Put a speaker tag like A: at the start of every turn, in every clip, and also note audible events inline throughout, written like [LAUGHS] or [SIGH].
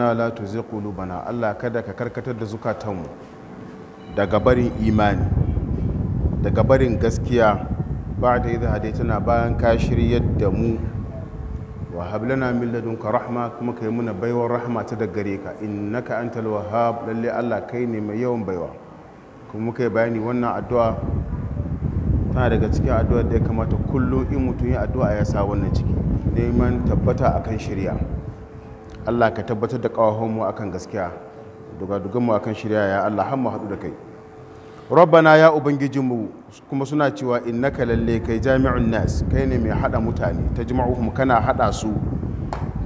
A: rabbana la tuzigh qulubana Allah kada ka karkatar da zukatanmu daga barin imani daga barin gaskiya ba da idh tana bayan ka shiryar da mu wa hab lana min ladunka rahma kuma kai muna baiwar rahma ta daga gare ka innaka antal wahhab lalle Allah kai ne mai yawan baiwa kuma muka yi bayani wannan addu'a tana daga cikin addu'a da ya kamata kullum in mutum ya addu'a ya sa wannan ciki neman tabbata kan shirya Allah ka tabbatar da ƙawahonmu akan gaskiya dugadugunmu akan shirya ya Allah har mu haɗu da kai rabbana ya ubangijinmu kuma suna cewa innaka lalle kai jami'un nas kai ne mai haɗa mutane ta jima'uhum kana haɗa su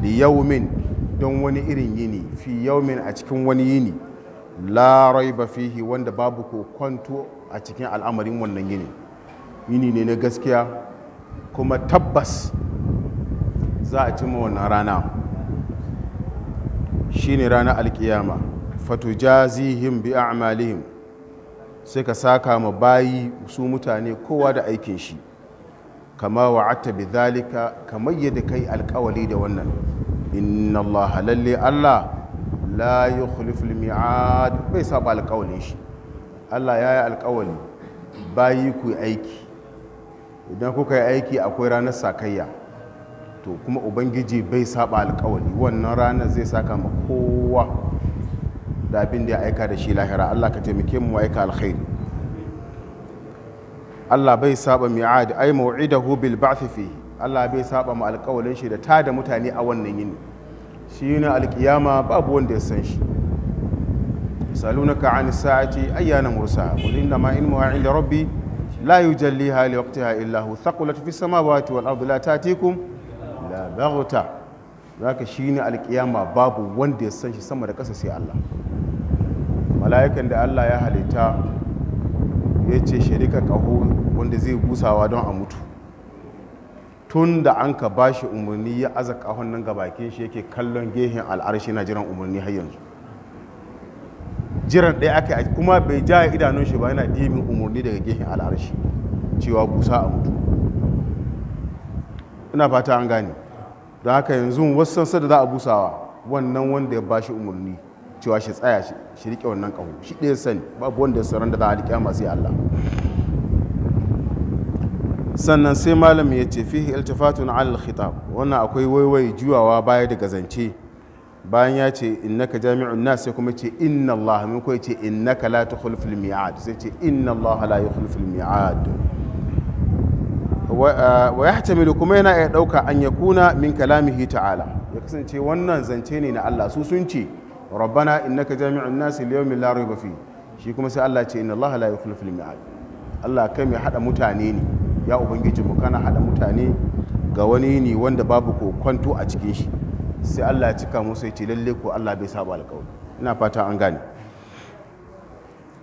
A: li yawmin don wani irin yini fi yawmin a cikin wani yini la raiba fihi wanda babu ko kwanto a cikin al'amarin wannan yini yini ne na gaskiya kuma tabbas za a cimma wannan rana shine ranar alkiyama fatujazihim bi a'malihim sai ka saka ma bayi su mutane kowa da aikin shi kama wa'atta bi zalika kamar yadda kai alkawali da wannan inna Allah halalle allah la yukhliful mi'ad bai saba alkawalin shi allah ya yi alkawali bayi ku aiki idan kuka yi aiki akwai ranar sakayya to kuma ubangiji bai saba alkawali wannan ranar zai saka ma kowa da abin da ya aika da shi lahira allah ka taimake mu aika alkhairi allah bai saba mi'ad ai mau'idahu bil ba'th fihi allah bai saba ma alkawalin shi da ta da mutane a wannan yini shi ne alkiyama babu wanda ya san shi Mursa عن الساعة أيان مرساها قل إنما علمها عند ربي لا يجليها لوقتها إلا هو ثقلت في السماوات والأرض لا تأتيكم la ka zaka shine alkiyama babu wanda ya san shi sama da ƙasa sai Allah mala'ikan da Allah ya halitta ya ce shirika kaho wanda zai busawa don a mutu tun da an ka ba shi umarni ya aza kahon nan ga bakin shi yake kallon gehen al'arshi na jiran umarni har yanzu jiran ɗaya aka kuma bai ja idanun shi ba yana dimin umarni daga gehen al'arshi cewa busa a mutu ina fata an gani. da haka yanzu wasu sansa da za a busawa wannan wanda ya bashi umarni cewa shi tsaya shi riƙe wannan ƙaho shi ɗaya sani babu wanda ya sauran da za a riƙe masu Allah sannan sai malam ya ce fihi iltifatun alal khitab wannan akwai waiwai juwawa baya daga zance bayan ya ce innaka jami'un nas sai kuma ce inna Allah mun ko ya ce innaka la tukhliful mi'ad sai ce innallaha Allah la yukhliful mi'ad wa yahtamilu kuma yana iya ɗauka an ya kuna min kalamihi ta'ala ya kasance wannan zance ne na Allah su sun ce rabbana ka jami'un nasi liyawmin la rayba fi shi kuma sai Allah ce inna Allah la yukhlifu al-mi'ad Allah kai mai hada mutane ne ya ubangiji mu kana hada mutane ga wani ne wanda babu ko kwanto a cikin shi sai Allah ya cika musu ya ce lalle ko Allah bai saba alƙawari ina fata an gane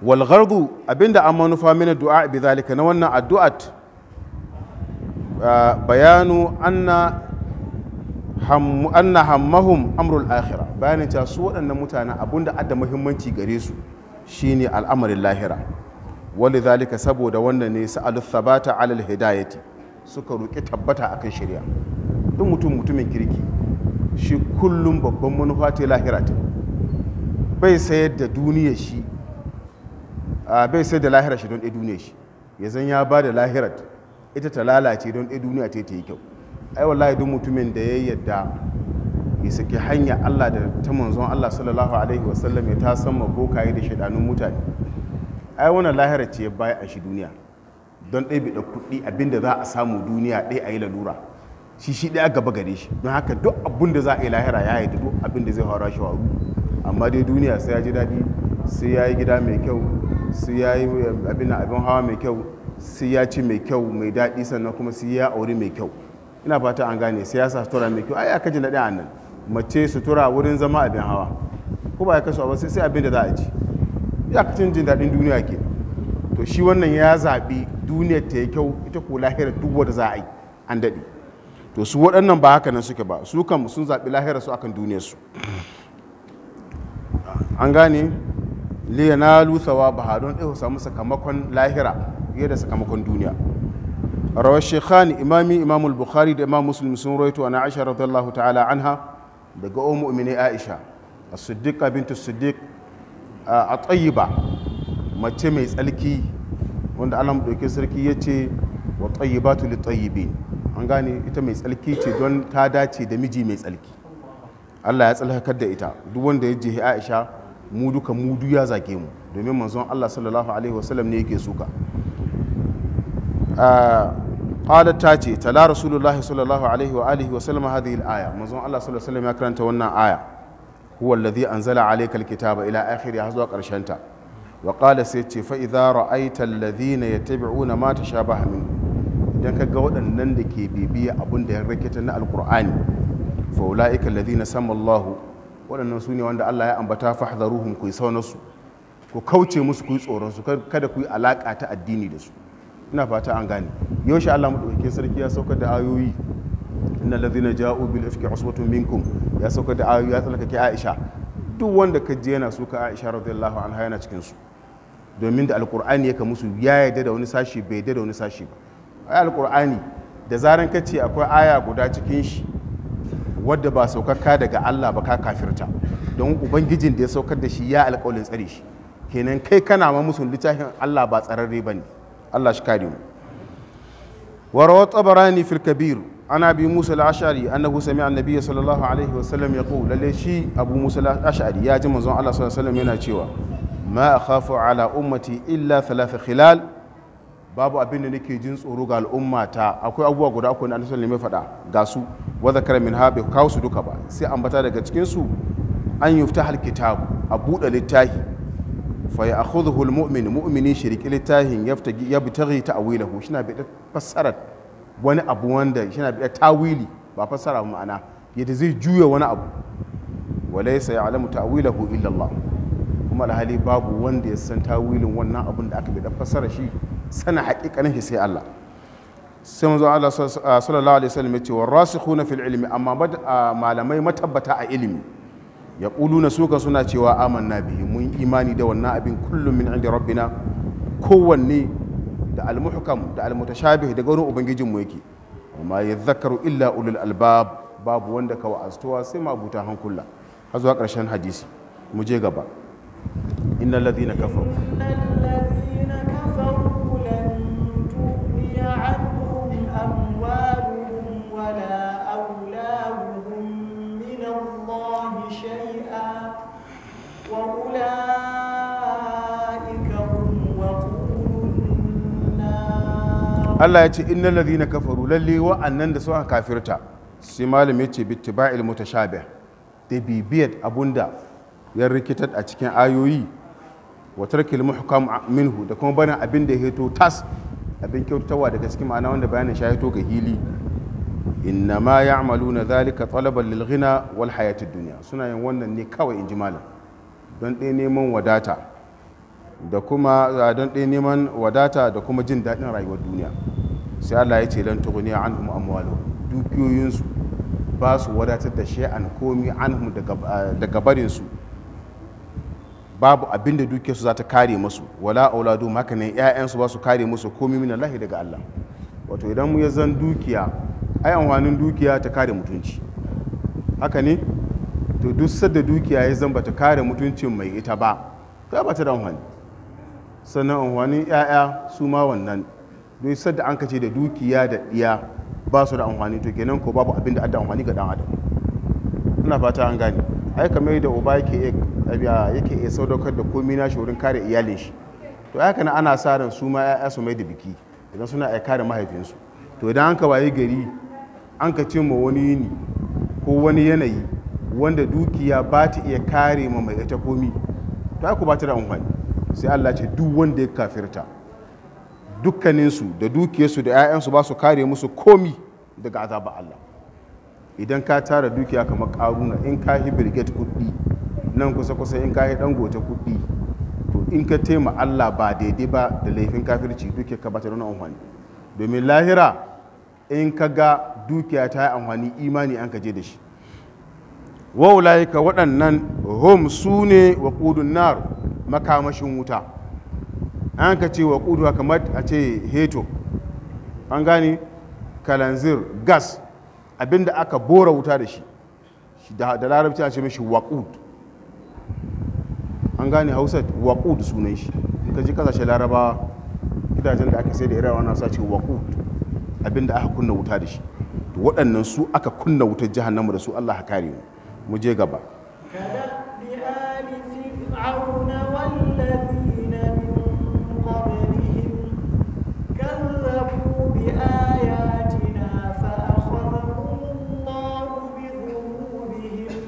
A: wal ghardu abinda an manufa mina du'a bi zalika na wannan addu'at bayanu anna anna hammahum amrul akhira bayanin cewa su waɗannan mutanen da adda muhimmanci gare su shine al'amarin lahira wani zalika saboda wannan ne sa'alu thabata alal hidayati suka roƙi tabbata akan shari'a duk mutum mutumin kirki shi kullum babban manufa ta lahira ta bai sayar da duniya shi bai sayar da lahira shi don ɗaya duniya shi ya zan ya ba da lahirat ita ta lalace don ɗaya duniya ta yi kyau ai wallahi duk mutumin da ya yadda ya saki hanya Allah da ta manzon Allah sallallahu alaihi wasallam ya ta san bokaye da shaidanun mutane ai wannan lahira ce ya baya a shi duniya don ɗaya bi da kuɗi abinda za a samu duniya ɗaya a yi lalura shi shi ɗaya gaba gare shi don haka duk abin da za a yi lahira ya da duk abin da zai fara shi waru amma dai duniya sai ya ji daɗi sai ya yi gida mai kyau sai ya yi eh, abin hawa mai kyau sai ya ci mai kyau mai daɗi sannan kuma sai ya auri mai kyau ina fata an gane sai ya sa sutura mai kyau ai aka ji daɗi a nan mace sutura wurin zama abin hawa ko ba ya kasu ba sai abin da za a ci iyakacin jin daɗin duniya ke to shi wannan ya zaɓi duniyar ta yi kyau ita ko lahirar duk wanda za a yi an daɗe to su waɗannan ba haka nan suke ba su kam sun zaɓi lahirar su akan duniyar su an gane na lusawa ba don ɗaya samu sakamakon lahira fiye da sakamakon duniya rawar shekhan imami imam bukhari da imam muslim sun roito ana aisha radiyallahu ta'ala anha daga o mu'mini aisha a siddiqa bintu siddiq a tsayiba mace mai tsalki wanda allah ɗauki sarki ya ce wa tsayibatu li tsayibin an gane ita mai tsalki ce don ta dace da miji mai tsalki allah ya tsalhakar da ita duk wanda ya je aisha mu duka mudu ya zage mu domin manzon Allah sallallahu alaihi wasallam ne yake suka qalat ta ce tala rasulullahi sallallahu alaihi wa alihi wa sallam hadhihi al-aya manzon Allah sallallahu alaihi ya karanta wannan aya huwa alladhi anzala alayka al-kitaba ila akhirih zuwa karshen ta wa qala sai ce fa idza ra'aita alladhina yattabi'una ma tashabaha min idan ka ga waɗannan da ke bibiya abun da ya rikita na alqur'ani fa ulaika alladhina sama Allah waɗannan su ne wanda Allah ya ambata fahdharuhum ku yi saunarsu ku kauce musu ku yi tsoron su kada ku yi alaka ta addini da su ina fata an gane yaushe Allah maɗauki sarki ya sauka da ayoyi na ladhina ja'u bil ifki usbatun minkum ya saukar da ayoyi ya ke Aisha duk wanda ka je yana suka Aisha radiyallahu an yana cikin su domin da alqur'ani ya ka musu ya yarda da wani sashi bai yadda da wani sashi ba ai alqur'ani da zaran ka akwai aya guda cikin shi wadda ba saukaka daga Allah ba ka kafirta don ubangijin da ya saukar da shi ya alƙawalin tsare shi kenan kai kana ma musu littafin Allah ba tsararre ba ne Allah shi kare mu وروى الطبراني في الكبير عن ابي موسى الاشعري انه سمع النبي صلى الله ya وسلم يقول للي شي ابو موسى الاشعري يا جماعه زون الله صلى الله عليه وسلم yana cewa ma akhafu ala ummati illa thalath khilal babu abin da nake jin tsoro ga al'ummata akwai abubuwa guda uku da Annabi sallallahu alaihi wasallam ya faɗa ga su wa zakara min habi kawo su duka ba sai ambata daga cikin su an yuftahal kitab a buɗe littafi fa ya akhudhu almu'min mu'mini shirki littahin yaftagi yabtaghi ta'wilahu shina bi fassara wani abu wanda shina bi tawili ba fassara ma'ana yadda zai juya wani abu walaysa ya'lamu ta'wilahu illa Allah kuma alhali babu wanda ya san tawilin wannan abun da aka bi fassara shi sana haƙiƙanin shi sai Allah sai manzo Allah sallallahu alaihi wasallam ya ce warasikhuna fil ilmi amma malamai matabbata a ilimi ya na suka suna cewa amanna bihi mun imani da wannan abin kullum min inda rabbina kowanne da almuhkam da almutashabih daga wurin ubangijinmu yake amma ya zakaru illa ulul albab babu wanda ka wa'aztuwa sai mabuta hankula har zuwa ƙarshen hadisi mu je gaba innal ladhina kafaru Allah ya ce innal ladhina kafaru lalle wa'annan da suka kafirta sai malami ya ce bittiba'il mutashabih da bibiyat abunda ya rikitar a cikin ayoyi wa tarkil muhkam minhu da kuma barin abin da ya hito tas abin kyautawa daga cikin ma'ana wanda bayanin shi ya hito ga hili inna ma ya'maluna zalika talaban lil ghina wal hayatid dunya suna yin wannan ne kawai inji malam don ɗaya neman wadata da kuma don ɗaya neman wadata da kuma jin daɗin rayuwar duniya sai Allah ya ce lan an anhum amwalo dukiyoyinsu ba su wadatar da shay'an komi anhum daga barinsu babu abin da dukiyarsu za ta kare musu wala auladu haka ne 'ya'yansu ba su kare musu komi min Allah daga Allah wato idan mu ya zan dukiya ai amfanin dukiya ta kare mutunci haka ne to duk sadda dukiya ya zan ba ta kare mutuncin mai ita ba ta ba ta da amfani sannan amfanin 'ya'ya su ma wannan don sadda an kace da dukiya da ɗiya ba su da amfani to kenan ko babu abin da adda amfani ga dan adam ina fata an gane ai kamar da uba yake yake iya sadaukar da komai na shi wurin kare iyalin shi to haka na ana sa ran su ma 'ya'ya su mai da biki idan suna ai kare mahaifinsu to idan an ka waye gari an ka ce ma wani yini ko wani yanayi wanda dukiya ba ta iya kare ma mai ita komai to ai ba ta da amfani sai Allah ce duk wanda ya kafirta dukkaninsu da dukiyarsu da 'ya'yansu ba su kare musu komi daga azabar Allah idan ka tara dukiya kamar karuna in ka yi birget kuɗi nan kusa-kusa in ka yi dangote kuɗi to in ka taima Allah ba daidai ba da laifin kafirci dukiya ka ba ta nuna amfani domin lahira in ka ga dukiya ta yi amfani imani an ka je da shi waulaika waɗannan hom su ne wa ƙudun nar makamashin wuta an ka ce wa kuduwa kamar a ce heto an gane kalanzir gas abinda aka bora wuta da shi da larabci a ce mashi waƙud an gane hausa waƙud sunan shi in ka ji kasashe laraba gidajen da aka sai da irin wannan sa waƙud abinda aka kunna wuta da shi waɗannan su aka kunna wutar jihannamu da su allah ha kare mu je gaba فرعون والذين من قبلهم
B: كذبوا بآياتنا فأخذهم الله بذنوبهم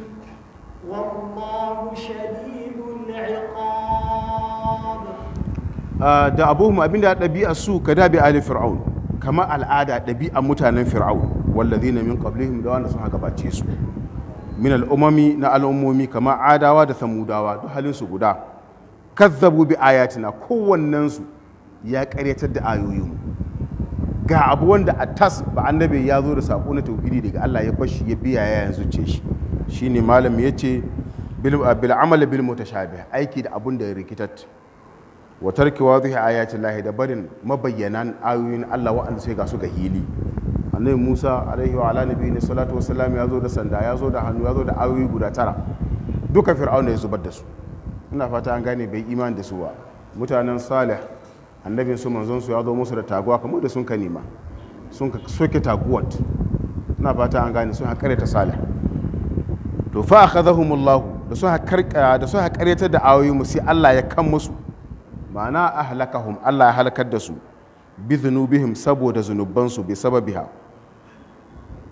B: والله شديد العقاب
A: da abuhum abinda ɗabi'a su ka dabi ali fir'aun kama al'ada ɗabi'a mutanen fir'aun wallazina min qablihim da wanda sun bace su min al'ummomi na al'ummomi kamar adawa da samudawa duk halinsu guda kazzabu bi ayatina kowannensu ya karyatar da ayoyinmu ga abu wanda a tas ba annabi ya zo da sako na tauhidi daga Allah ya bashi ya biya ya yanzu ce shi shine malam ya ce bil ah, amal bil mutashabih aiki da abun da ya rikitat wa tarki wadhihi ayati llahi da barin mabayyanan ayoyin Allah wa'anda sai ga su ga hili annabi musa alaihi wa ala nabi salatu wasalam ya zo da sanda ya zo da hannu ya zo da awi guda tara duka fir'aun ya zubar da su ina fata an gane bai iman da su ba mutanen salih annabin su manzon su ya zo musu da taguwa kamar da sun ka nema sun ka soke taguwar ina fata an gane sun haƙare ta salih to fa akhadhahumullahu da sun haƙarƙa da sun haƙareta da ayoyi mu sai Allah ya kan musu ma'ana ahlakahum Allah ya halakar da su bi zunubihim saboda zunubansu bi sababiha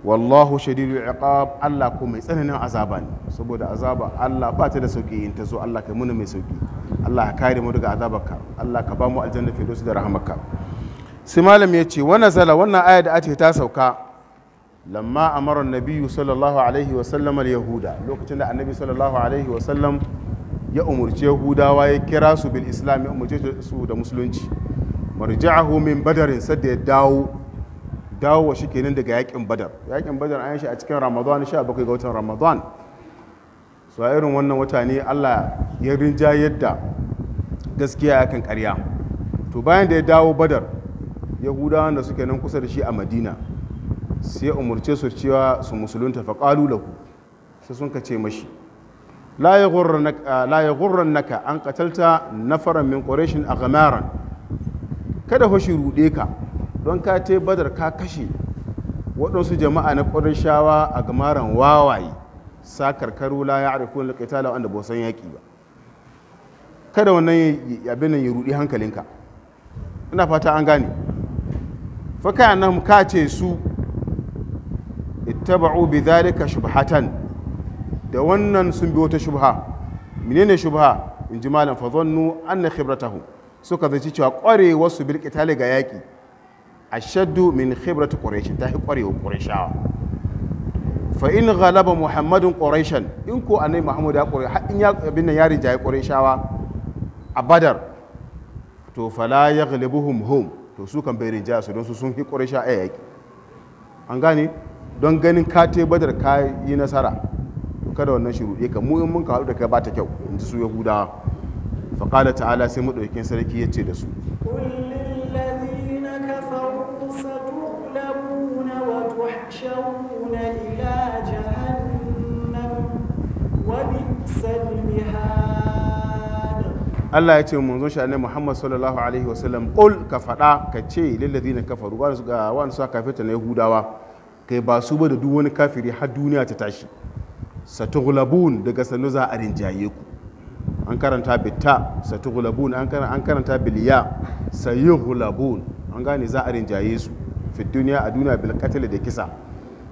A: wallahu shadidu iqab Allah ko mai tsananin azaba ne saboda azaba Allah ba ta da sauki in ta zo Allah kai muna mai sauki Allah ka kare mu daga azabarka Allah ka ba mu aljanna fi da rahamarka sai malam ya ce wannan zala wannan aya da ake ta sauka lamma amara nabiyyu sallallahu alaihi wa sallam al yahuda lokacin da annabi sallallahu alaihi wa sallam ya umurci yahudawa ya kira su bil islam ya umurce su da musulunci marja'ahu min badarin sadda ya dawo dawowa shi kenan daga yakin badar yakin badar an yi shi a cikin ramadan 17 ga watan ramadan su a irin wannan wata ne allah ya rinja yadda gaskiya ya kan karya to bayan da ya dawo badar yahudawan da suke nan kusa da shi a madina sai umarce su cewa su musulunta fa lahu sai sun kace mashi la ya gurran naka an katalta nafaran min quraishin a gamaran kada fa shi ka don ka te badar ka kashe waɗansu jama'a na ƙwarin shawa a gamaran wawaye sa sakarkaru la ya arifun liƙitala wanda ba san yaƙi ba kada wannan abin ya rudi hankalinka ina fata an gane faka yana ka ce su ba'u bi zalika shubhatan da wannan sun bi wata shubha menene shubha in ji malam fa dhannu anna khibratahum suka zaci cewa ƙware su bilkita ga yaƙi ashaddu min khibrati quraish ta kwarewa qurayshawa fa in ghalaba muhammadun quraishan in ko annabi muhammad ya quraish har in ya bin nan ya rijaye qurayshawa a badar to fala yaghlibuhum hum to su kan bai rinjaya su don su sun hi quraysha a yaki an gane don ganin ka te badar ka yi nasara kada wannan shiru ya ka mu in mun ka da kai ba ta kyau in ji su yahudawa fa qala ta'ala sai mu daukin sarki yace da su Allah ya ce manzon shi annabi Muhammad sallallahu alaihi wasallam qul ka fada ka ce lil ladina kafaru ba su ga wani su kafirta na yahudawa kai ba su ba da duk wani kafiri har duniya ta tashi satughlabun daga sanu za a rinjaye ku an karanta bitta satughlabun an karanta an karanta biliya sayughlabun an gane za a rinjaye su fi duniya a duniya bil qatl da kisa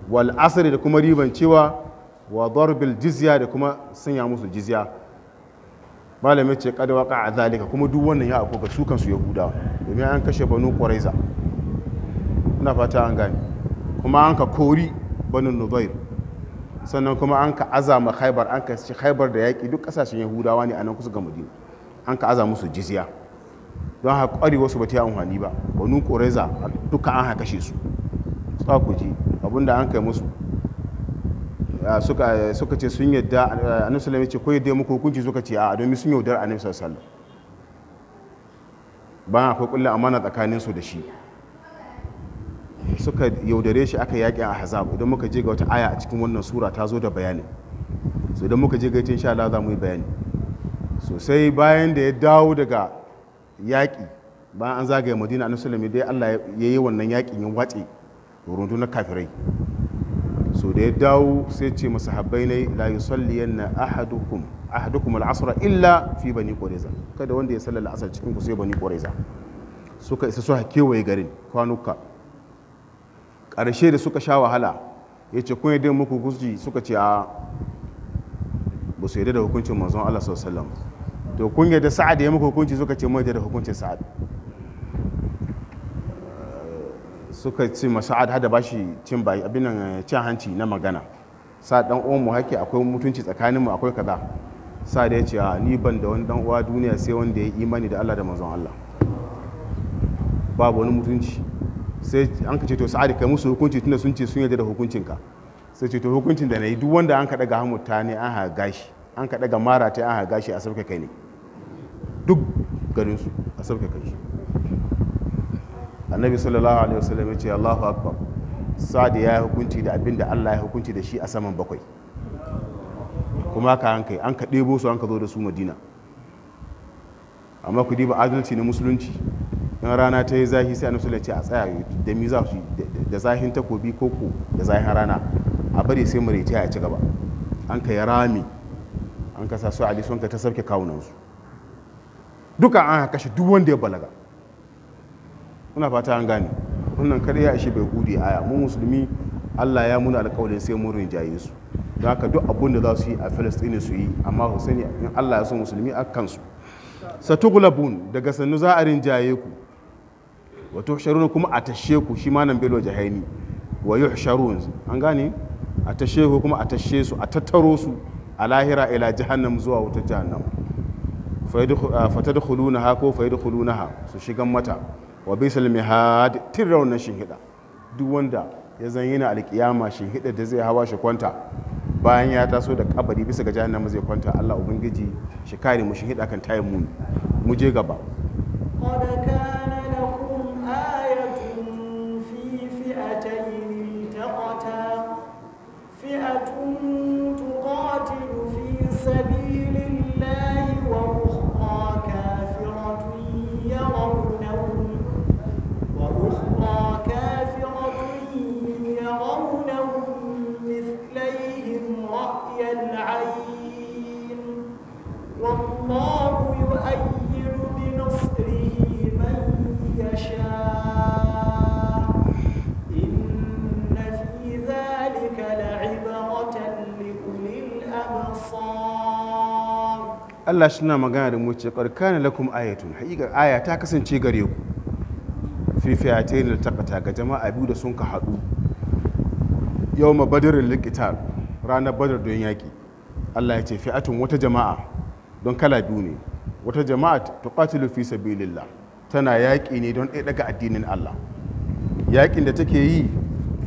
A: wal asr da kuma riban cewa wa darbil jizya da kuma sanya musu jizya malamai ce kada waka a zalika kuma duk wannan ya akwai ga su kansu yahudawa domin an kashe banu ƙwaraiza ina fata an gani kuma an ka kori banu nubair sannan kuma an ka azama haibar an ka ci haibar da yaƙi duk ƙasashen yahudawa ne a nan kusa ga madina an ka aza musu jizya don haka ƙwari wasu ba ta yi amfani ba banu ƙwaraiza duka an haka kashe su tsakuci abinda an kai musu suka suka ce sun yadda eh, annabi sallallahu alaihi ce ko yadda muku hukunci suka ce a domin sun yaudar annabi sallallahu alaihi ba akwai kullu amana tsakanin su da shi suka yaudare shi aka yaƙi a hazab idan muka je ga wata aya a cikin wannan sura ta zo da bayani so idan muka je ga ita insha Allah za mu yi bayani sosai bayan da ya dawo daga yaƙi bayan an zagaye madina annabi sallallahu alaihi dai Allah ya yi wannan yaƙin ya watse rundunar kafirai to da ya dawo sai ce masu habbai ne la yusalliyanna ahadukum ahadukum al'asra illa fi bani qurayza kada wanda ya salla al'asar cikin ku sai bani qurayza suka isa suka kewaye garin kwanuka ƙarshe da suka sha wahala ya ce kun yadda muku gusji suka ce a ba su yadda da hukuncin manzon Allah sallallahu alaihi wasallam to kun yadda sa'ad ya muku hukunci suka ce mai da hukuncin sa'ad suka ce masa'ad hada ba shi cin bayi abin nan eh, cin hanci na magana sa dan uwan mu hake akwai mutunci tsakanin mu akwai kaza sa da ya ce ni ban da wani dan uwa duniya sai wanda ya imani da Allah da manzon Allah babu wani mutunci sai an ka ce to sa'ad kai musu hukunci tunda sun ce sun yarda da hukuncin ka sai ce to hukuncin da na yi duk wanda an ka daga hamuta ne an ha gashi an ka daga mara ta an ha gashi a sauke kai ne duk garin su a sauke kai annabi sallallahu alaihi wasallam ya ce allahu akbar sa'ad ya yi hukunci da abin da allah ya hukunci da shi a saman bakwai kuma ka an kai an ka ɗebo su an ka zo da su madina amma ku diba adalci na musulunci yan rana ta yi zahi sai annabi sallallahu alaihi wasallam ce a tsaya da mi za su da zahin takobi koko da zahin rana a bari sai mu retiya ya ci gaba an ka yi rami an ka sa su ali sun ka ta sabke kawunansu duka an kashe duk wanda ya balaga muna fata an gane wannan kadai ya ishe bai gudi aya mu musulmi Allah ya muna alƙawarin sai mun rinjaye su don haka duk abin da za su yi a filistini su yi amma ku sani in Allah ya so musulmi a kansu satugulabun daga sannu za a rinjaye ku wato sharun kuma a tashe ku shi ma nan belo jahaini wa sharun an gane a tashe ku kuma a tashe su a tattaro su a lahira ila jahannam zuwa wutar jahannam fa tadkhulunaha ko fa yadkhulunaha su shigan mata wa bisal mihad tin raunin hida duk wanda ya zan yana alkiyama shinhida da zai hawa shi kwanta bayan ya taso da kabari bisa ga jahannama zai kwanta Allah ubangiji shi kare mu shinhida kan tayin mu mu je gaba Allah shi na magana da mu a ƙarƙani lakum ayatun haƙiƙar aya ta kasance gare ku fi ne da takata ga jama'a biyu da sun ka haɗu yau ma badirin likitar ranar badar don yaƙi Allah ya ce fi'atun wata jama'a don kala biyu ne wata jama'a tuqatilu fi sabilillah tana yaƙi ne don ɗaya daga addinin Allah yaƙin da take yi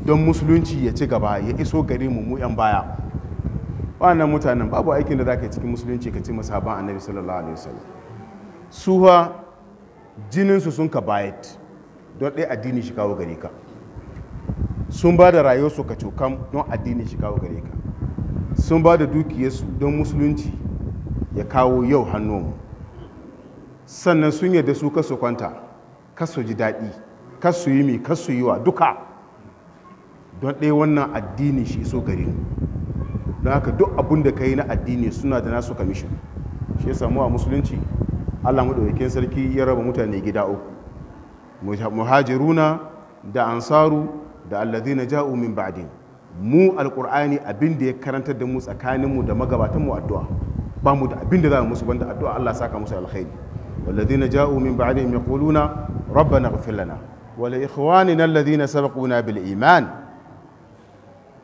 A: don musulunci ya ci gaba ya iso gare mu mu 'yan baya wannan mutanen babu aikin da zaka yi cikin musulunci ka ce masahaban annabi sallallahu alaihi wasallam su ha jinin sun ka bayat don ɗaya addini shi kawo gare ka sun ba da rayuwarsu ka cokam don addini shi kawo gare ka sun ba da dukiyarsu don musulunci ya kawo yau hannunmu sannan sun yarda su kasu kwanta kasu ji daɗi kasu yi mi kasu yi wa duka don ɗaya wannan addini shi so gare mu don haka duk abin da ka yi na addini suna da nasu kamishin shi ya mu a musulunci allah maɗaukakin sarki ya raba mutane gida uku muhajiruna da ansaru da allazina ja'u min ba'din mu alqur'ani abin da ya karantar da mu tsakaninmu da magabatan mu addu'a ba mu da abin da za mu musu banda addu'a Allah saka musu alkhairi rabba na من lana يقولون ربنا na لنا ولإخواننا الذين سبقونا iman.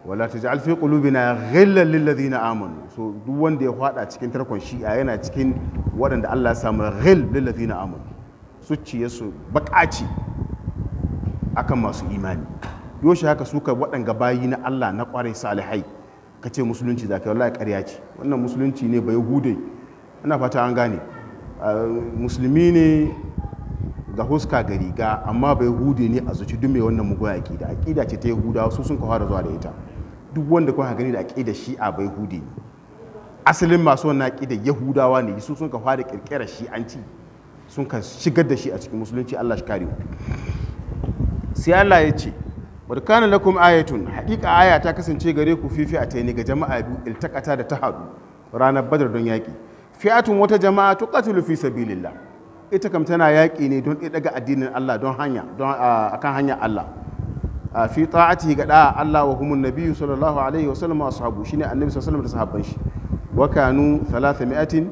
A: wala ta ji alfi na ghillan na amanu so duk wanda ya fada cikin tarkon shi shi'a yana cikin waɗanda Allah ya samu lillazi na amanu su ciye su a akan masu imani yoshi haka suka waɗanga bayi na Allah na ƙwarai salihai ka ce musulunci za ka wallahi ƙarya ce wannan musulunci ne ba yahude ana fata an gane musulmi ne ga huska ga riga amma ba yahude ne a zuci dume wannan mugun aƙida aƙida ce ta huda su sun ka fara zuwa da ita duk wanda kuma gani da shi a bai hude ne asalin masu wannan aƙida yahudawa ne su sun ka fara ƙirƙirar shi'anci sun ka shigar da shi a cikin musulunci Allah shi kare sai Allah ya ce barkana lakum ayatun haƙiƙa aya ta kasance gare ku fifi a taini ga jama'a biyu iltakata da ta haɗu ranar badar don yaƙi fi'atun wata jama'a tuqatilu fi sabilillah ita kam tana yaƙi ne don ɗaga addinin Allah don hanya don ah, akan hanya Allah A fi ta'atihi ga da'a Allah wa humun nabiyyu sallallahu alaihi wasallam wa ashabu shine annabi sallallahu alaihi wasallam da sahabban shi wa kanu 300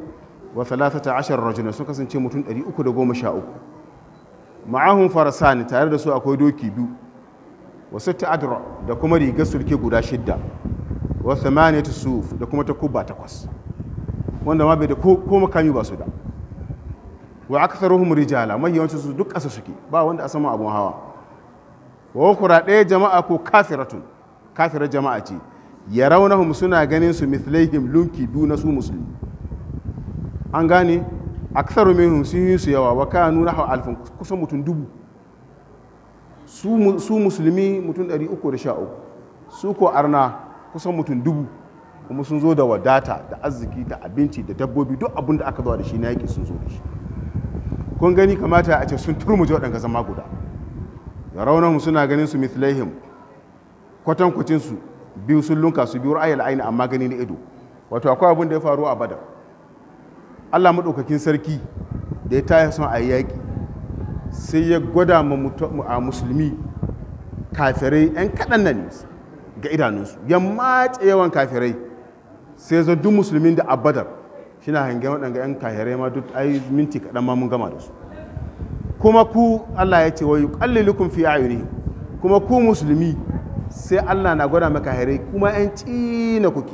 A: wa 13 rajula sun kasance mutum 313 ma'ahum farasan tare da su akwai doki biyu wa sita adra da kuma riga sulke guda shidda wa thamaniyatu suf da kuma takuba takwas wanda ma bai da ko makami ba su da wa aktharuhum rijala mai yawancin su duk ƙasa suke ba wanda a sama abun hawa wa ɗaya jama'a ko kafiratun kafirar jama'a ce ya raunahum suna ganin su mithlaihim lunki duna su musulmi an gane aksaru minhum sun yi su yawa wa kanu nahu alfin kusan mutum dubu su musulmi mutum 313 su ko arna kusan mutum dubu kuma sun zo da wadata da arziki da abinci da dabbobi duk abin da aka zuwa da shi na yaƙi sun zo da shi kun gani kamata a ce sun turmuje waɗanda zama guda ya mu suna ganin su mithlaihim kwatan su biyu sun lunka su biyu ra'ayil aini amma gani na ido wato akwai abin da ya faru a badar Allah maɗaukakin sarki da ya yi son a yaƙi sai ya gwada a musulmi kafirai 'yan kaɗan nan ga idanunsu ya matse yawan kafirai sai zan duk musulmin da a badar shi na hangen waɗanda 'yan kafirai ma duk ai minti kaɗan ma mun gama da su kuma ku Allah ya ce wa yuqallilukum fi ayuni kuma ku musulmi sai Allah na gwada maka hare kuma yan cina kuke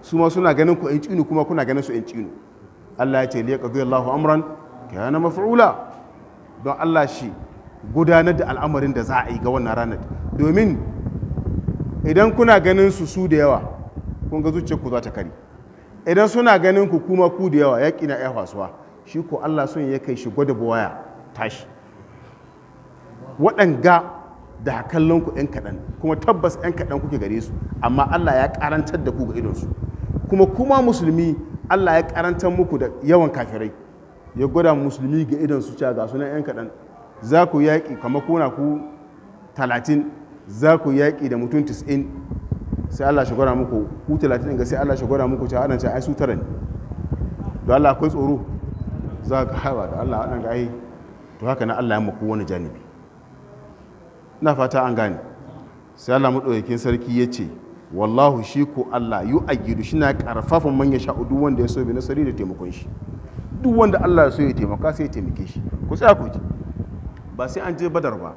A: su ma suna ganin ku yan tsinu kuma kuna ganin su yan tsinu Allah ya ce li yaqdi Allahu amran kana maf'ula don Allah shi gudanar da al'amarin da za a yi ga wannan ranar domin idan kuna ganin su su da yawa kun ga zuciyar ku za ta kari idan suna ganin ku kuma ku da yawa yaƙi na ya fasuwa shi ko Allah sun ya kai shi gwada buwaya tashi waɗanga da kallon ku ɗan kaɗan kuma tabbas ɗan kaɗan kuke gare su amma Allah ya karantar da ku ga idonsu kuma kuma musulmi Allah ya karantar muku da yawan kafirai ya gwada musulmi ga idonsu cewa ga sunan ɗan kaɗan za ku yaƙi kama kuna ku talatin za ku yaƙi da mutum tis'in sai Allah shi gwada muku ku talatin ga sai Allah shi gwada muku cewa anan ce ai su tara ne da Allah akwai tsoro za ka haɓa da Allah waɗanda ai to haka na Allah ya maku wani janibi na fata an gane sai Allah maɗaukakin sarki ya ce wallahu shi ku Allah yu gidu shi na ƙarfafin manyan sha'udu wanda ya so bi nasari da taimakon shi duk wanda Allah ya so ya taimaka sai ya taimake shi ku tsaya ku ji ba sai an je badar ba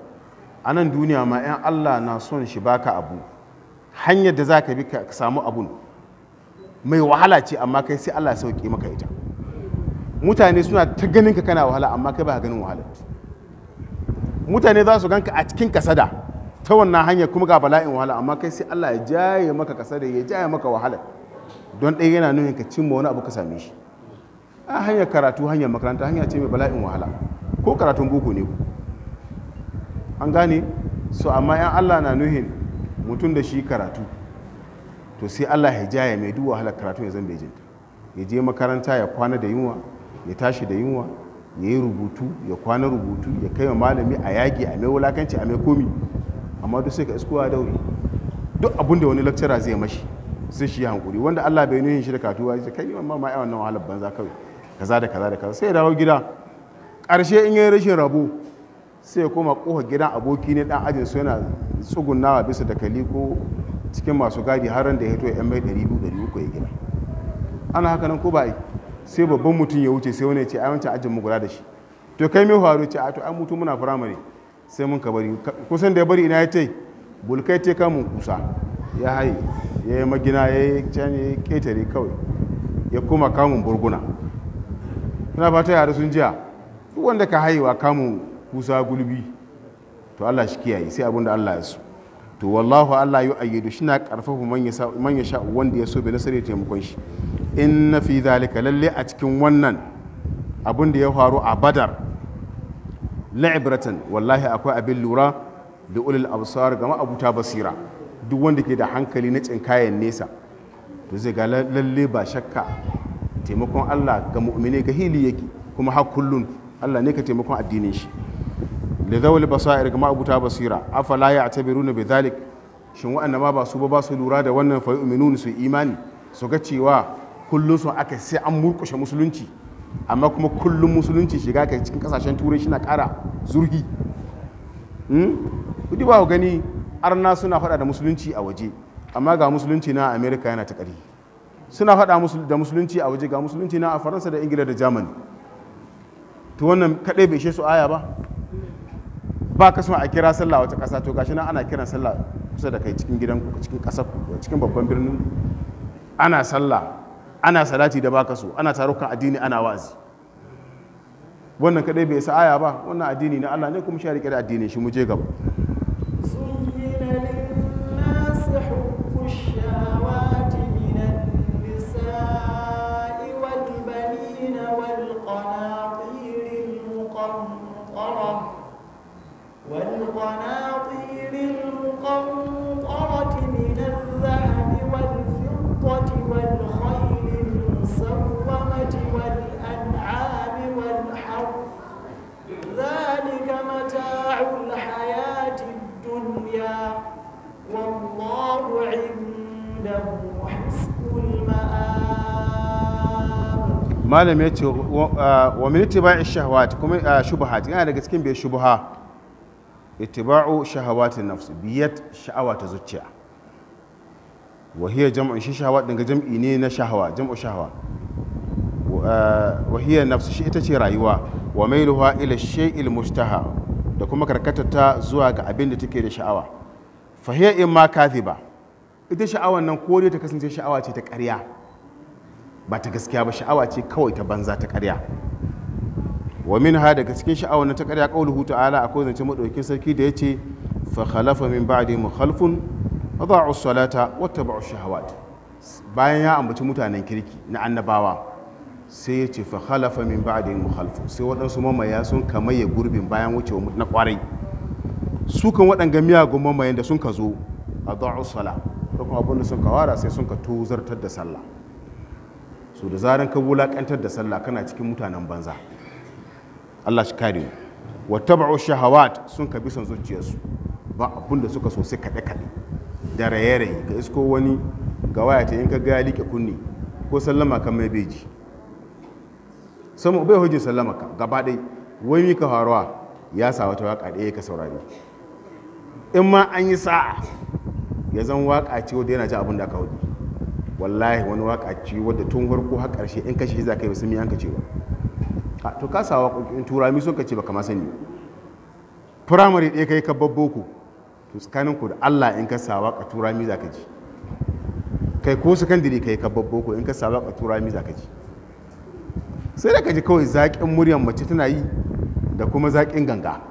A: a nan duniya ma 'yan Allah na son shi baka abu hanyar da za ka bi ka samu abun mai wahala ce amma kai sai Allah ya sauke maka ita mutane suna ta ganin ka kana wahala amma kai ba ganin wahala mutane za su ganka a cikin kasada ta wannan hanya kuma ga bala'in wahala amma kai sai Allah ya jaye maka kasada ya jaye maka wahala don ɗaya yana nuna ka cimma wani abu ka same shi a hanyar karatu hanyar makaranta hanya ce mai bala'in wahala ko karatun boko ne an gane so amma yan Allah na nuhin mutum da shi karatu to sai Allah ya jaye mai duk wahala karatu ya zan bai jinta ya je makaranta ya kwana da yunwa ya tashi da yunwa ya yi rubutu ya kwana rubutu ya kai wa malami a yaƙi a mai wulakanci a mai komi amma duk sai ka iskuwa wuri duk abinda wani lakcara zai mashi sai shi hankuri wanda Allah bai nuhin shi da katuwa ya kai mamma ma yawan nan wahalar banza kawai kaza da kaza da kaza sai ya dawo gida ƙarshe in yi rashin rabo sai ya koma ƙofar gidan aboki ne dan ajin su yana tsugunawa bisa da kali ko cikin masu gadi har da ya hito ya yan mai 200 300 ya gina ana haka nan ko ba yi sai babban mutum ya wuce sai wani ya ce ai wancan ajin mu guda da shi to kai mai faru ce a to an mutu muna firamare sai mun ka bari kusan da ya bari ina ya ce bulkai ce kamun kusa ya haye ya yi magina ya yi can ya kawai ya kuma kamun burguna suna fata yare sun jiya duk wanda ka haiwa kamun kusa gulbi to allah shi kiyaye sai abin da allah ya so to wallahu allah ya ayyadu shi na karfafa manya sha'uwan sha wanda ya so bai nasarar taimakon shi in na fi zalika lalle a cikin wannan abin da ya faru a badar la'ibratan wallahi akwai abin lura da ulil absar ga ma'abuta basira duk wanda ke da hankali na tsinkayen nesa to zai ga lalle ba shakka taimakon Allah ga mu'mini ga hili yake kuma har kullun Allah ne ka taimakon addinin shi da zawal basair ga ma'abuta basira afala ya atabiru bi zalik shin waɗanda ma ba su ba su lura da wannan fa su su imani su ga cewa kullum sun aka sai an murkushe musulunci amma kuma kullum musulunci shiga ka cikin kasashen turai shi na ƙara zurgi hmm? kudi ba gani arna suna faɗa da musulunci a waje amma ga musulunci na amerika yana ta ƙari suna faɗa da musulunci a waje ga musulunci na a faransa da ingila da germany to wannan kaɗai bai ishe su aya ba ba ka a kira sallah wata ƙasa to gashi na ana kiran sallah kusa da kai cikin gidanku cikin ku cikin babban birnin ana sallah ana salati da baka so ana tarukan addini ana wazi wannan kadai bai sa aya ba wannan addini na Allah ne kuma sha rike da addini shi mu je gaba
B: والقناطير المقنطرة
A: malam ya ce wa min ittiba'i shahawati kuma shubuhat yana daga cikin bai shubaha ittiba'u shahawati nafs biyat sha'awa ta zuciya wahiyya hiya jam'u shi shahawa daga jam'i ne na shahawa jam'u shahawa wahiyya hiya shi ita ce rayuwa wa mailuha ila shay'il mustaha da kuma karkatar ta zuwa ga abin da take da sha'awa fa hiya imma kadhiba ita sha'awan nan ko ta kasance sha'awa ce ta ƙarya ba ta gaskiya ba sha'awa ce kawai ta banza ta karya wa min ha daga cikin sha'awa na ta karya qauluhu ta'ala akwai zance maɗaukin sarki da ya ce fa khalafa min ba'di mukhalfun wada'u salata wattaba'u shahawat bayan ya ambaci mutanen kirki na annabawa sai ya ce fa khalafa min ba'di khalfun sai waɗansu mamaya sun kamaye gurbin bayan wucewa na kwarai su kan waɗanga miyagun mamayan da sun ka zo a da'u sala da kuma abinda sun ka wara sai sun ka tozartar da sallah so da zarar ka wulaƙantar da sallah kana cikin mutanen banza Allah shi kare wa wattaba'u shahawat sun ka bisan zuciyarsu ba abinda suka so sai kaɗe kaɗe da raye raye ka isko wani ga waya ta in ka gaya liƙe kunni ko sallama kan mai beji bai sallama ka gaba ɗai wai mika faruwa ya sa wata waka ɗaya ka saurari in ma an yi sa'a ya zan waka ce wanda yana ji abin da aka hudu wallahi wani waka ci wadda tun farko har karshe in kashe za ka yi sun yanka cewa to ka sa waƙoƙin turami sun ka ce ba kama sani firamare ɗaya kai ka babbo ku to tsakanin ku da Allah in ka sa waƙa turami za ka ji kai ko sakandare kai ka babbo ku in ka sa waƙa turami za ka ji sai da ka ji kawai zaƙin muryar mace tana yi da kuma zaƙin ganga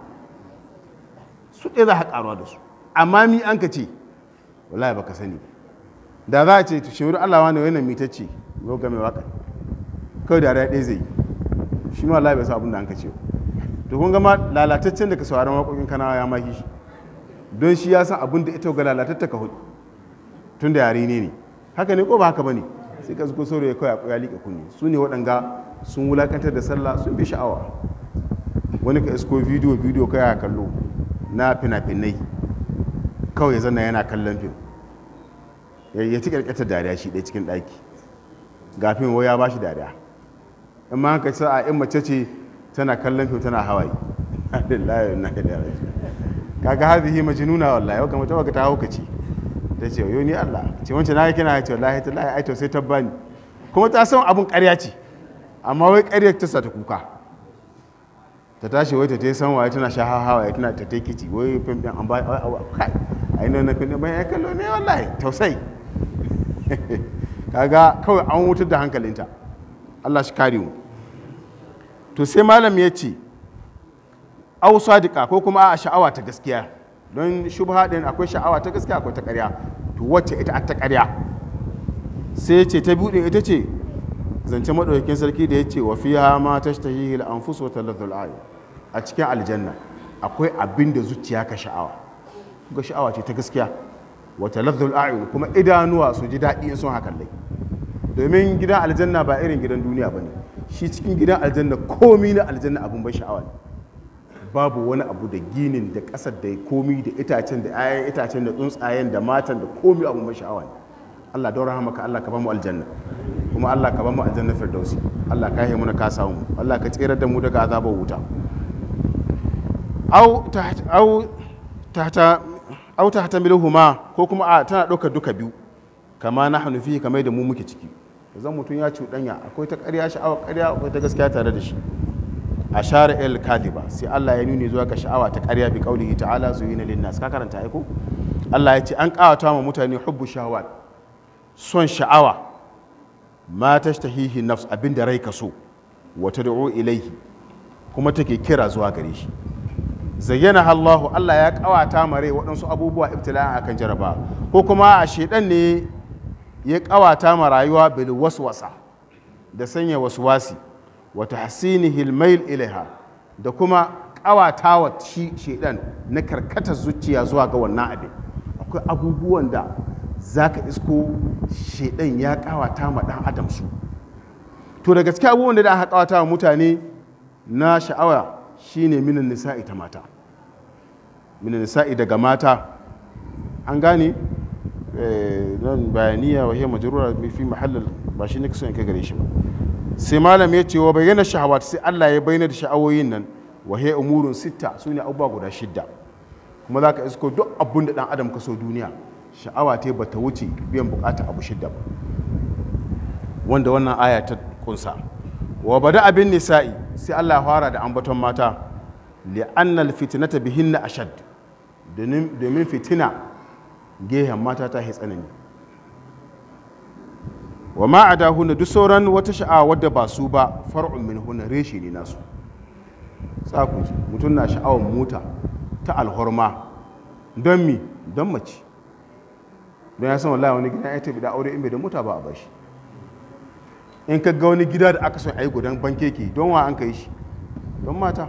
A: su ɗaya za ka ƙaruwa da su amma mi an ka ce wallahi baka sani da za a ce to shehu Allah wani wannan mita ce yau ga mai waka kawai da ɗaya zai yi shi ma Allah bai sa abin da an ka ce to kun gama lalataccen da ka sauraron waƙoƙin kanawa ya maki shi don shi ya san abin da ita ga lalatatta ka hudu tun da yare ne ne haka ne ko ba haka ba ne sai ka zuko saurayi kawai ya liƙe kunne su ne waɗanga sun wulakantar da sallah sun bi sha'awa wani ka isko bidiyo bidiyo kawai a kallo na fina-finai kawai zanna yana kallon fim ya ci ƙarƙatar dariya shi ɗaya cikin ɗaki gafin waya ba shi dariya in ma haka sa'a in mace ce tana kallon fiye tana hawaye alhamdulillah [LAUGHS] na ka dariya kaga hadhihi majnuna wallahi wa kamata baka ta hauka ce ta ce yau ni Allah ce wancan na kina ce wallahi ta lahi aito sai ta kuma ta san abun ƙarya ce amma wai ƙaryar ta sa ta kuka ta tashi wai ta yi san waye tana sha hawaye tana ta take kici wai fim din an ba a ai nan na kun bayan ya kallo ne wallahi tausai [LAUGHS] kaga kawai an wutar da hankalinta Allah shi kare mu to sai malam ya ce au sadiqa ko kuma a sha'awa ta gaskiya don shubha din akwai sha'awa ta gaskiya akwai ta ƙarya to wacce ita ta ƙarya sai ce ta buɗe ita ce zance maɗaukakin sarki da ya ce wa fiha ma tashtahihi al-anfus wa talatul a cikin aljanna akwai abin zuciya ka sha'awa ga sha'awa ce ta gaskiya wata lafzul a'yun kuma idanuwa su ji daɗi in sun hakan lai domin gidan aljanna ba irin gidan duniya ba ne shi cikin gidan aljanna komi na aljanna abin ban sha'awa ne babu wani abu da ginin da ƙasar da komi da itacen da ayan itacen da tsuntsayen da matan da komi abin ban sha'awa ne Allah don rahama ka Allah ka ba mu aljanna kuma Allah ka ba mu aljanna firdausi Allah ka mu na ka samu Allah ka tsere da mu daga azabar wuta au au ta huma ko kuma a tana ɗaukar duka biyu kama na hanufi kamar da mu muke ciki zan mutum ya ci ɗanya akwai ta ƙarya sha'awa ƙarya akwai ta gaskiya tare da shi a share el kadiba sai Allah ya nuni zuwa ka sha'awa ta ƙarya bi qaulihi ta'ala zuyina na nas ka karanta aiko Allah ya ce an ƙawata ma mutane hubbu shahawat son sha'awa ma tashtahihi nafs abinda rai ka so wata tad'u ilaihi kuma take kira zuwa gare shi zayyana Allahu Allah ya kawata mare waɗansu abubuwa ibtila'a akan jaraba ko kuma a shedan ne ya kawata ma rayuwa bil waswasa da sanya waswasi wa tahsinihi al mail ilaiha da kuma wa shi shedan na karkata zuciya zuwa ga wannan abin akwai abubuwan da zaka isko shedan ya kawata ma ɗan adam su to da gaske abubuwan da aka kawata wa mutane na sha'awa Shi ne minan nisa'i ta mata minan nisa'i daga mata an gane don eh, bayaniya wa hiyar majarura fi mahallar ba shi ne kai gare shi ba sai malam ya ce wa bayyana ta sai Allah ya bayyana da sha'awoyin nan wa he umurun sitta su ne abubuwa guda shidda kuma za ka isko duk abun da dan adam ka so duniya sha'awa ta ba ta wuce biyan bukata abu shidda ba wanda wannan aya ta kunsa wa bada abin nisa'i sai Allah fara da ambaton mata li'annal fitnata bihinna ashad domin fitina gehen mata ta yi tsanani wa ma a hunna duk sauran wata sha'awa wadda ba su ba far'un min huna reshe ne nasu tsakun mutum na sha'awar mota ta alhorma don mi don mace don ya san wallahi wani gina ya tafi da aure in bai da mota ba a bashi in ka ga wani gida da aka son a yi gudan bankeke don wa an ka yi shi don mata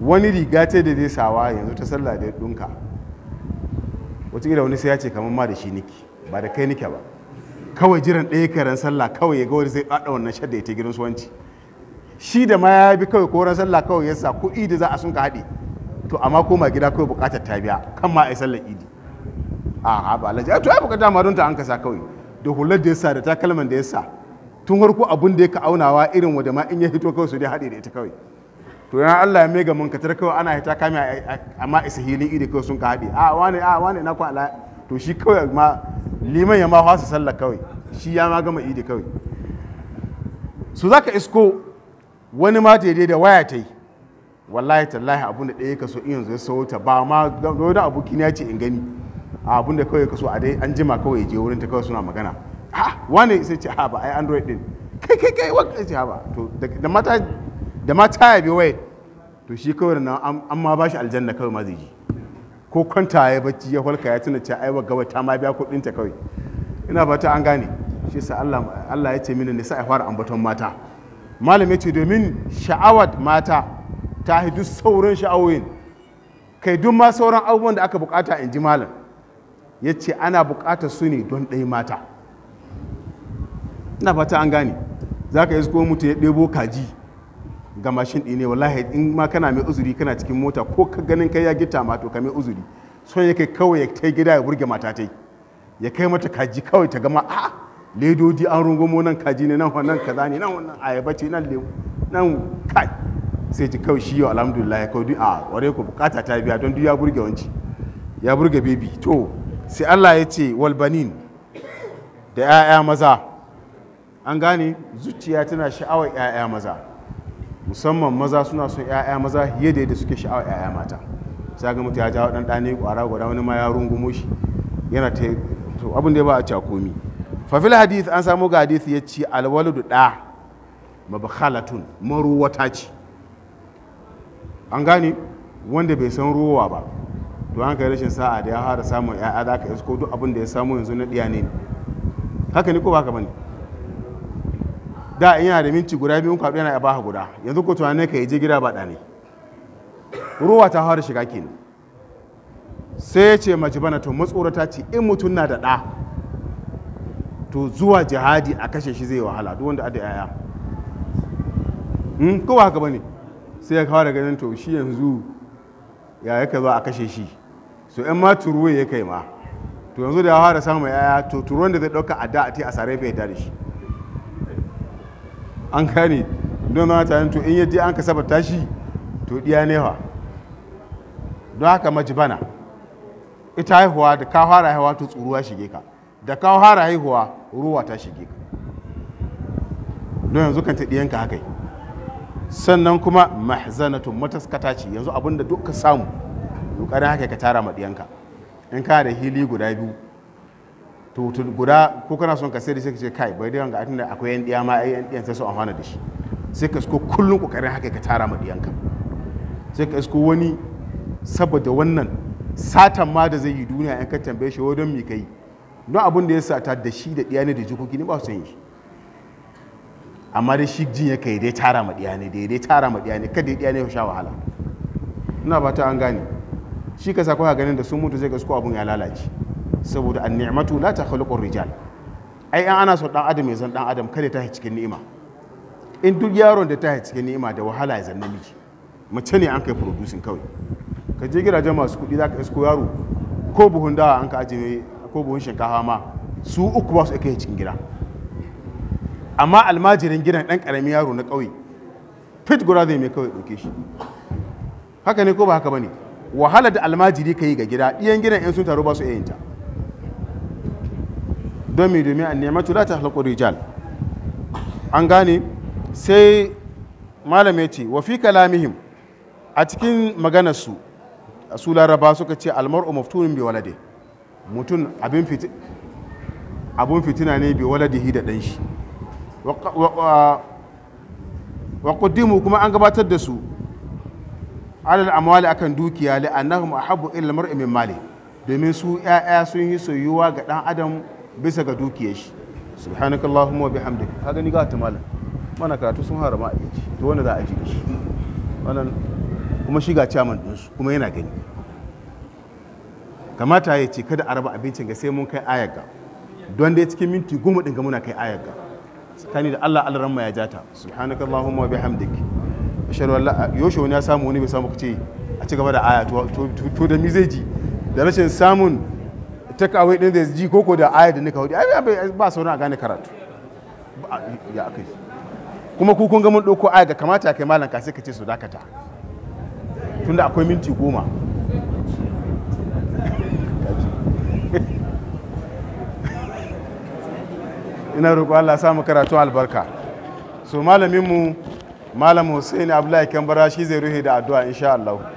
A: wani riga ce da zai sawa yanzu ta sallah da dunka gida wani sai ya ce kamar ma da shi niki ba da kai nike ba kawai jiran ɗaya karen sallah kawai ya ga wani zai ɗaɗa wannan shadda ya ta gidan suwanci shi da ma ya bi kawai koran sallah kawai ya sa kuɗi da za a sun ka haɗe to amma koma gida kawai buƙatar ta biya kan ma a yi sallar idi a ba a to ya buƙata ma don ta an kasa kawai da hular da ya sa da takalman da ya sa tun harko abin da ya ka aunawa irin wa ma in ya hito kawai su dai haɗe da ita kawai to yana Allah ya mega mun katar kawai ana hita kame amma isa hili iri kawai sun ka haɗe a wane a wane na kwa to shi kawai ma liman ya ma hwasa sallah kawai shi ya ma gama idi kawai su zaka isko wani ma daidai da waya ta yi wallahi tallahi abun da ɗaya ka so iya zai ya sau ta ba ma da abokin ya ce in gani abun da kawai ka so a dai an jima kawai ya je wurin ta kawai suna magana ha wane sai ce ha ba yi android din kai kai kai waka ce ha ba to da mata da ya bi wai to shi kawai na an ma bashi aljanna kawai ma zai ji ko kwanta ya bacci ya falka ya tuna ce ai wa gaba ta ma biya kuɗin ta kawai ina fata an gane shi sa Allah ya ce mini nisa sai a fara ambaton mata malam ya ce domin sha'awar mata ta hidu sauran sha'awoyin kai duk ma sauran abubuwan da aka bukata in ji malam ya ce ana bukatar su ne don ɗaya mata ina fata an gane za ka isko mutu ya ɗebo kaji ga mashin ɗi ne wallahi in ma kana mai uzuri kana cikin mota ko ka ganin kai ya gita ma to ka mai uzuri son yake kawai ya kai gida ya burge mata ta ya kai mata kaji kawai ta gama a ledodi an rungumo nan kaji ne nan wannan kaza ne nan wannan ayaba ce nan lemu nan kai sai ji kawai shi yau alhamdulillah ya kawai a ah, ware ku bukata ta biya don duk ya burge wanci ya burge bebi to sai Allah ya ce walbanin da 'ya'ya maza an gane zuciya tana sha'awar 'ya'ya maza musamman maza suna son 'ya'ya maza yadda da yadda suke sha'awar 'ya'ya mata sai ga mutu ya jawo dan ɗane ƙwara gwada wani ma ya rungumo shi yana ta to abin da ya ba a cakomi fafil hadith an samu ga hadith ya ce da ɗa mabakhalatun maruwata ce an gane wanda bai san ruwa ba to an kai rashin sa'a da ya fara samun 'ya'ya za ka isko duk abin da ya samu yanzu na ɗiya ne haka ni ko ba ka bane da ina yana da minti guda biyu kwaɗo yana ba guda yanzu ko tunane ka yi gida ba ɗane ruwa ta hawar shiga kini sai ce bana to ta ce in mutum na da ɗa to zuwa jihadi a kashe shi zai wahala duk wanda ada yaya hmm, ko kowa haka ne sai ya kawo da ganin to shi yanzu ya yi ka zo a kashe shi so in ma turuwa ya kai ma to yanzu da ya fara samun yaya to turuwan da zai ɗauka a da a te a sarai bai da shi an kane don ma tanin to in yaje an ka sabata shi to diya ne fa don haka maji bana ita haihuwa da ka fara haihuwa to tsuruwa shige ka da ka fara haihuwa ruwa ta shige ka don yanzu kan ta diyanka haka sannan kuma mahzanatun mataskata ce yanzu abinda duk ka samu kokarin haka ka tara ma diyanka in ka da hili guda biyu to guda ko kana son ka sayar sai ka ce kai bai dai ga da akwai yan diya ma ai yan diyan sai su amfana da shi sai ka isko kullun kokarin haka ka tara ma ka sai ka isko wani saboda wannan satan ma da zai yi duniya in ka tambaye shi don mi kai don abin da ya sata da shi da diya ne da jikoki ne ba su yi amma dai shi jin ya dai tara ma diya ne dai tara ma diya ne kada diya ne ya sha wahala ina ba ta an gane shi ka sa ganin da sun mutu sai ka isko abun ya lalace saboda an ni'matu la takhluqur rijal ai an ana so dan adam ya zan dan adam kada ta cikin ni'ima in duk yaron da ta cikin ni'ima da wahala ya zanna miki mace ne an kai producing kawai ka je gidajen masu kuɗi za ka isko yaro ko buhun dawa an ka ajiye ko buhun shinkafa ma su uku ba su kai cikin gida amma almajirin gidan ɗan ƙaramin yaro na ƙauye fit guda zai mai kawai ɗauke shi haka ne ko ba haka bane wahala da almajiri ka yi ga gida ɗiyan gidan 'yan sun taro ba su iya yin ta don mai domin an nematu tura ta halakku rijal an gane sai malam ya ce wa fi kalamihim a cikin maganarsu a su laraba suka ce almar'u maftunun bi walade mutum abin fitina ne bi waladihi da ɗan shi wa kuma an gabatar da su alal amwali akan dukiya li annahum ahabbu ila mar'i min mali domin su 'ya'ya sun yi soyuwa ga dan adam bisa ga dukiyar shi subhanakallahumma wa bihamdika ka gani ga ta malam mana karatu sun harama a yaci to wanda za a jiki shi wannan kuma shiga chairman din su kuma yana gani kamata ya ce kada a raba abincin ga sai mun kai ayaga don dai cikin minti goma din ga muna kai ayaga tsakani da Allah Allah ranma ya jata subhanakallahumma wa bihamdika ashhadu an la yoshe wani ya samu wani bai samu kace a ci gaba da aya to da mi zai ji da rashin samun take away din da ji koko da ayar da nika hudu ai ba sauran a gane karatu ya akai kuma ku kun ga mun ɗauko ayar da kamata kai malam ka sai ka ce su dakata tunda akwai minti goma [LAUGHS] ina roƙo Allah samu karatu albarka so malaminmu malam Hussein Abdullahi Kambara shi zai ruhe da addu'a insha Allah